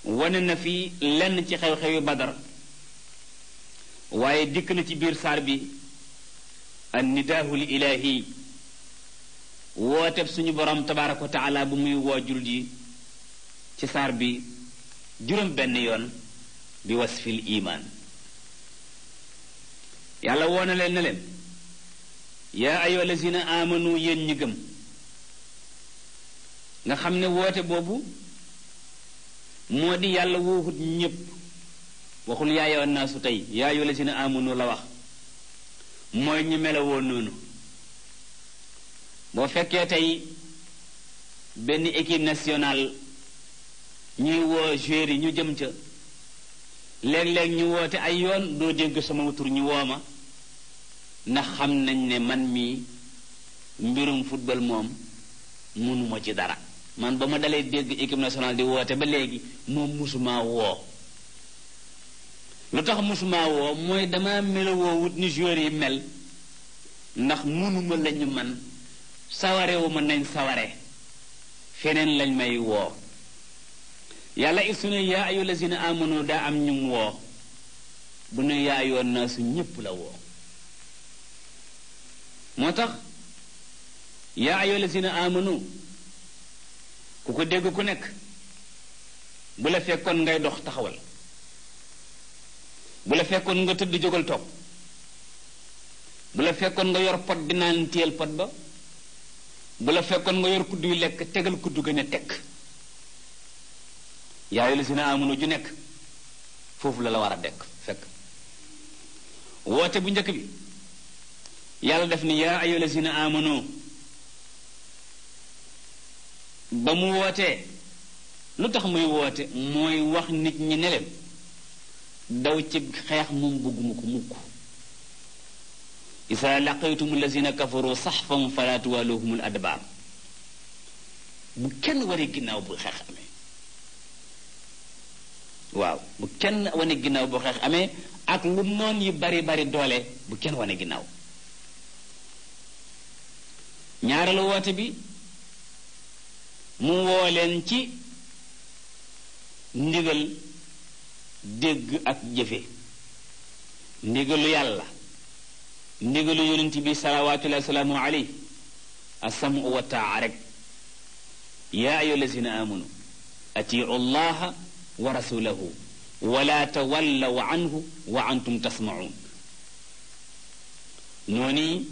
wane na fi lenn ci xew-xewi badar waaye dikk na ci biir saar bi annidaahul ilaahi wooteeb suñu borom tabaaraka wa taala bu muy woo jullit ci saar bi juróom benn yoon bi wasfil imaan yàlla woo na leen leen yaa ayyuha allazina aamanu yéen ñi nga xam ne woote boobu moo di yàlla wooxut ñépp waxul naa naasu tey yaayoo la si ne amunu la wax mooy ñu melawoo noonu boo fekkee tey benn équipe nationale ñuy woo joueurs yi ñu jëm ca léeg-léeg ñu woote ay yoon doo dégg sama tur ñu woo ma ndax xam nañ ne man mii mbirum football moom mënuma ci dara man ba ma dalee dégg équipe nationale di woote ba léegi moom musuma woo lu tax mosuma woo mooy dama melowoowut ni joueurs yi mel ndax mënuma lañu man sawarewuma nañ saware feneen lañ may woo yàlla it su ne yaa ayu lazina amanu daa am ñum woo bu ne yaa yoon naa ñépp la woo moo tax yaa ayu lazina amanu ku ko dégg ku nekk bu la fekkoon ngay dox taxawal bu la fekkoon nga tëdd jógal toog bu la fekkoon nga yor pot di naan téyel pot ba bu fekkoon nga yor kudd yu lekk tegal kudd gën a tekk yaayu la na amunu ju nekk foofu la la war a dekk fekk woote bu njëkk bi yàlla def ni yaa ayu na amunu ba mu wootee lu tax muy woote mooy wax nit ñi ne leen daw ci xeex moom bëgguma ko mukk isa laqaytum allazina kafaru saxfan fala tuwaluhumul adbaar bu kenn wane ginnaaw bu kenn wane ginnaaw bu xeex amee ak lu noon yi bari bari doole bu kenn wane ginnaaw ñaareelu woote bi mu woo leen ci ndigal dégg ak jëfe ndigalu yàlla ndigalu yonent bi salawaatullahi salaamu aley assamu wa taa rek yaa ayu lazina amanu atiu llaha wa rasulahu wala tawallaw antum tasmaun noonu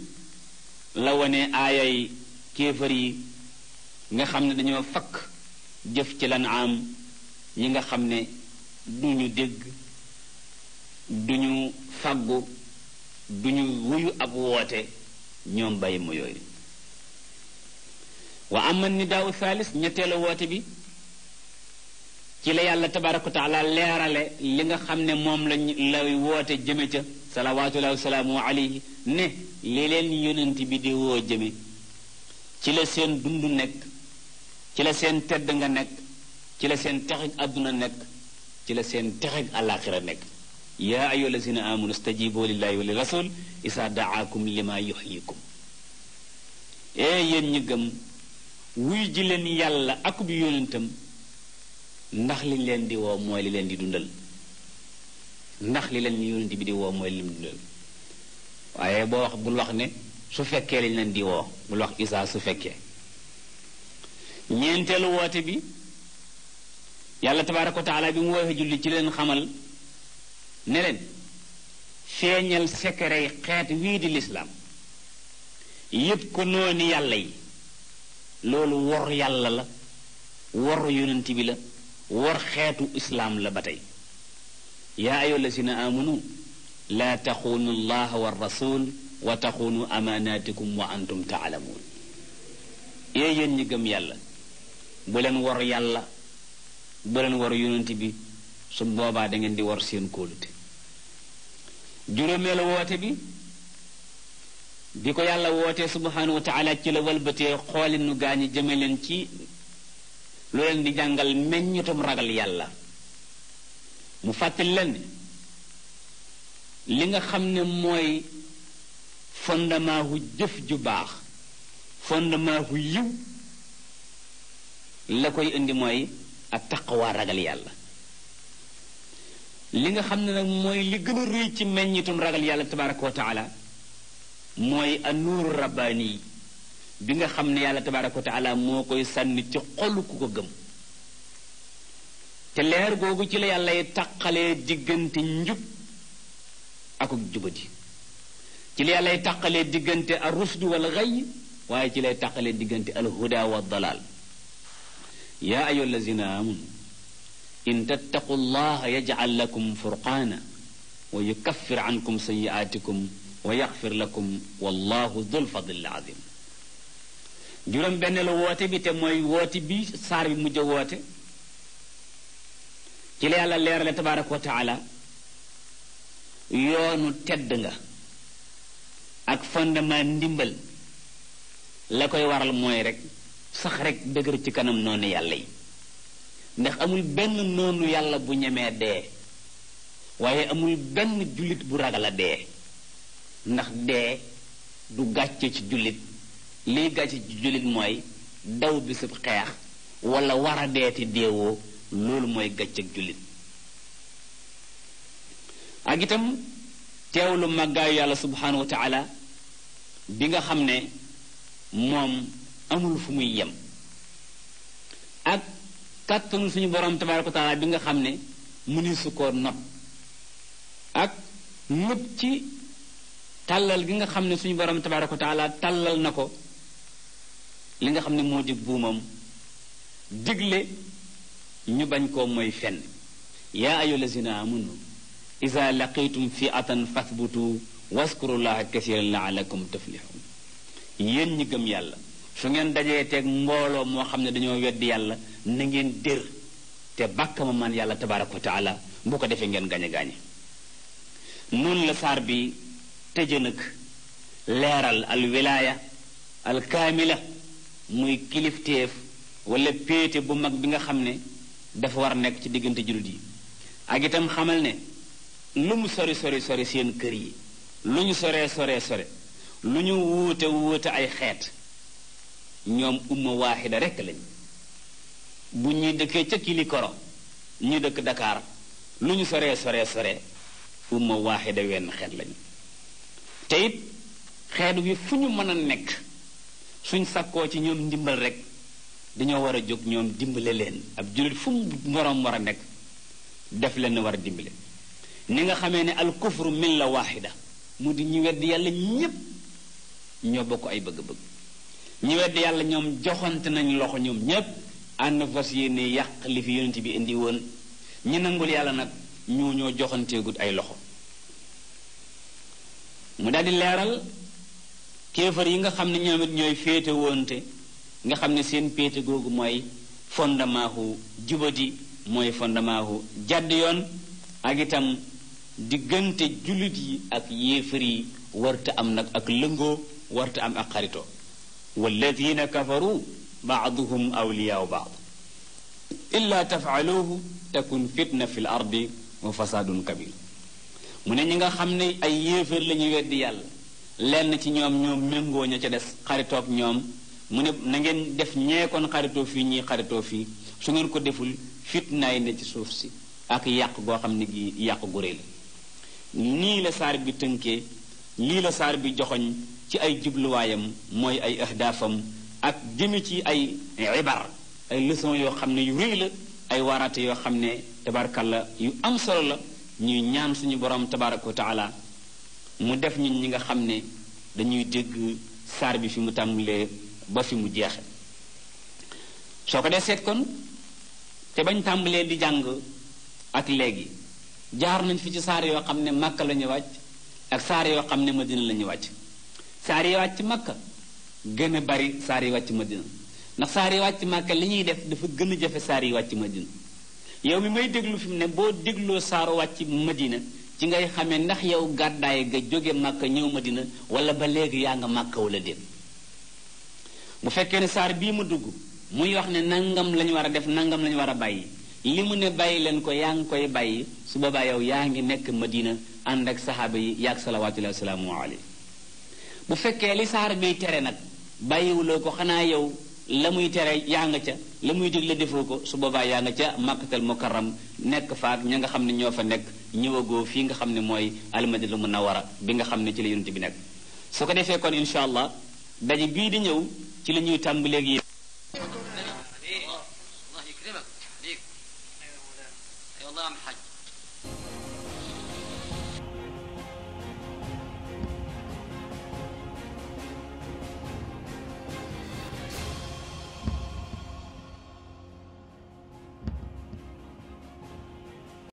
la wone aayay kéefar yi nga xam ne dañoo fakk jëf ci lan am yi nga xam ne duñu dégg duñu faggu duñu wuyu ab woote ñoom bay mu yooyu wa ama ni daawu thalis ñetteelu woote bi ci la yàlla tabaraka wa taala leerale li nga xam ne moom lañ lay woote jëme ca salawaatullahi wa salaamu alayhi ne li leen yonent bi di woo jëme ci la seen dund nekk ci la seen tedd nga nekk ci la seen texi àdduna nekk ci la seen texeg àllaaxira nekk yaa ayyuha lazina amanu stajibu lillahi wa li rasul isa daakum lima yuhyikum ee yéen ñi gëm wuy ji leen yàlla akub yónentam ndax li leen di woo mooy li leen di dundal ndax li leen yónent bi di woo mooy li mu dundal waaye boo wax bul wax ne su fekkee lañ leen di woo bul wax isa su fekkee ñeenteelu woote bi yàlla tabaaraka wa taala bi mu waxee julli ci leen xamal ne leen feeñal sekkerey xeet wii di lislaam yépp ko nooni yàlla yi loolu wor yàlla la wor yonent bi la wor xeetu islaam la ba tey yaa si allazina aamanu laa taxuunu allaha wa rasul wa taxuunu amaanaatikum wa antum taalamuun yéen ñi gëm yàlla bu leen wor yàlla bu leen war yonent bi su boobaa dangeen di war seen kóolute juróomeelu woote bi bi ko yàlla wootee subhanahu wa taala ci la walbatee xooli nu gaañi jëme leen ci lu di jàngal meññitum ragal yàlla mu fàttali leen li nga xam ne mooy fondement jëf ju baax fondement wu yiw la koy indi mooy ak taqwa ragal yàlla li nga xam ne nag mooy li gën a rëy ci meññitum ragal yàlla tabaraka wa taala mooy anuuru rabbaani bi nga xam ne yàlla tabaraka wa moo koy sànni ci xolu ku ko gëm te leer googu ci la yàlla yi taqalee diggante njub ak jubadi ci la yàlla yi taqalee diggante arusdu wal xay waaye ci lay taqalee diggante alhuda wa dalal yaa ayyuha allazina amanu in tattaqu allaha yajcal lakum furqaana wa yukaffir ankum sayiaatikum wa yaxfir lakum wallahu dul fadlil azim juróom benn la woote bi te mooy woote bi saar bi mujj woote ci la yàlla leerale tabaraka wa taala yoonu tedd nga ak fondement ndimbal la koy waral mooy rek sax rekk dëgër ci kanam noonu yàlla yi ndax amul benn noonu yàlla bu ñemee dee waaye amul benn jullit bu ragal a dee ndax dee du gàcce ci jullit liy gàcce ci jullit mooy daw bisub xeex wala war a deeti deewoo loolu mooy gàcce ak jullit ak itam teewlu màggaayu yàlla subhaanahu wa taala bi nga xam ne moom amul fu muy yem ak kàttanu suñu borom tabaaraka taala bi nga xam ne mëni su koo not ak ñëpp ci tàllal gi nga xam ne suñu borom tabaaraka taala tàllal na ko li nga xam ne moo di buumam digle ñu bañ koo moy fenn yaa ayu lazina amanu ida laqitum fiatan fasbutu waskurullaha kasiran laalakum tuflihun yéen ñi gëm yàlla su ngeen dajee teeg mbooloo moo xam ne dañoo weddi yàlla na ngeen dér te bàkk ma man yàlla tabaraka wa taala bu ko defee ngeen gañe gañe noonu la saar bi tëje nag leeral al wilaaya al kaamila muy kilifteef walla péete bu mag bi nga xam ne dafa war a nekk ci diggante jullit yi ak itam xamal ne lu mu sori sori sori seen kër yi lu ñu soree soree sore lu ñu wuute wuute ay xeet ñoom umma waaxida rekk lañ bu ñuy dëkkee ca Kilikoro ñu dëkk dakaar lu ñu soree soree soree umma waaxida wenn xeet lañ te it xeet wi fu ñu mën a nekk suñ sakkoo ci ñoom ndimbal rekk dañoo war a jóg ñoom dimbale leen ab jullit fu mu moroom war a nekk def leen war a dimbale ni nga xamee ne al kufru milla waaxida mu di ñu weddi yàlla ñépp ñoo bokk ay bëgg-bëgg ñi wedd yàlla ñoom joxante nañu loxo ñoom ñépp ànd fas yéene yàq li fi yonent bi indi woon ñi nangul yàlla nag ñoo ñoo joxanteegut ay loxo mu daldi leeral kéefar yi nga xam ne ñoom ñooy féete woonte nga xam ne seen péete googu mooy fondement hu mooy fondement hu jàdd yoon ak itam diggante jullit yi ak yéefar yi warta am nag ak lëngoo warta am ak xaritoo والذين كفروا بعضهم أولياء بعض إلا تفعلوه تكن فتنة ardi الأرض وفساد كبير mu ne ñi nga xam ne ay yéeféer la ñuy weddi yàlla lenn ci ñoom ñoom méngoo ña ca des xaritoog ñoom mu ne na ngeen def ñeekoon xaritoo fii ñuy xaritoo fii su ngeen ko deful fitnaay ne ci suuf si ak yàq goo xam ne gi yàq gure la nii la saar bi tënkee lii la saar bi joxoñ ci ay jubluwaayam mooy ay ahdaafam ak jëmi ci ay ibar ay leçon yoo xam ne yu rëy la ay waaraate yoo xam ne tabarkalla yu am solo la ñuy ñaan suñu borom tabaraka wa taala mu def ñun ñi nga xam ne dañuy dégg saar bi fi mu tàmbalee ba fi mu jeexe soo ko dee seet kon te bañ tàmbalee di jàng ak léegi jaar nañ fi ci saar yoo xam ne màkka la ñu wàcc ak saar yoo xam ne madina la ñu wàcc saar yi wàcc makka gën a bari saar yi wàcc madina ndax saar yi wàcc li ñuy def dafa gën a jafe saar yi wàcc madina yow mi may déglu fi mu ne boo dégloo saaru wàcc madina ci ngay xamee ndax yow gàddaay ga jóge makka ñëw madina wala ba léegi yaa nga makka wala déet bu fekkee ne saar bii ma dugg muy wax ne nangam lañu war a def nangam lañu war a bàyyi li mu ne bàyyi leen ko yaa ngi koy bàyyi su boobaa yow yaa ngi nekk madina ànd ak saxaaba yi yaag salawaatullahi wa salaamu alayhi bu fekkee li saar biy tere nag bàyyiwuloo ko xanaa yow la muy tere yaa nga ca la muy digle defoo ko su boobaa yaa nga ca màkkatal mukarram nekk faak ña nga xam ne ñoo fa nekk ñëwagoo fii nga xam ne mooy la almadinatul munawwara bi nga xam ne ci la yonent bi nekk su ko defee kon incha allah daje bii di ñëw ci la ñuy tàmbaleeg yi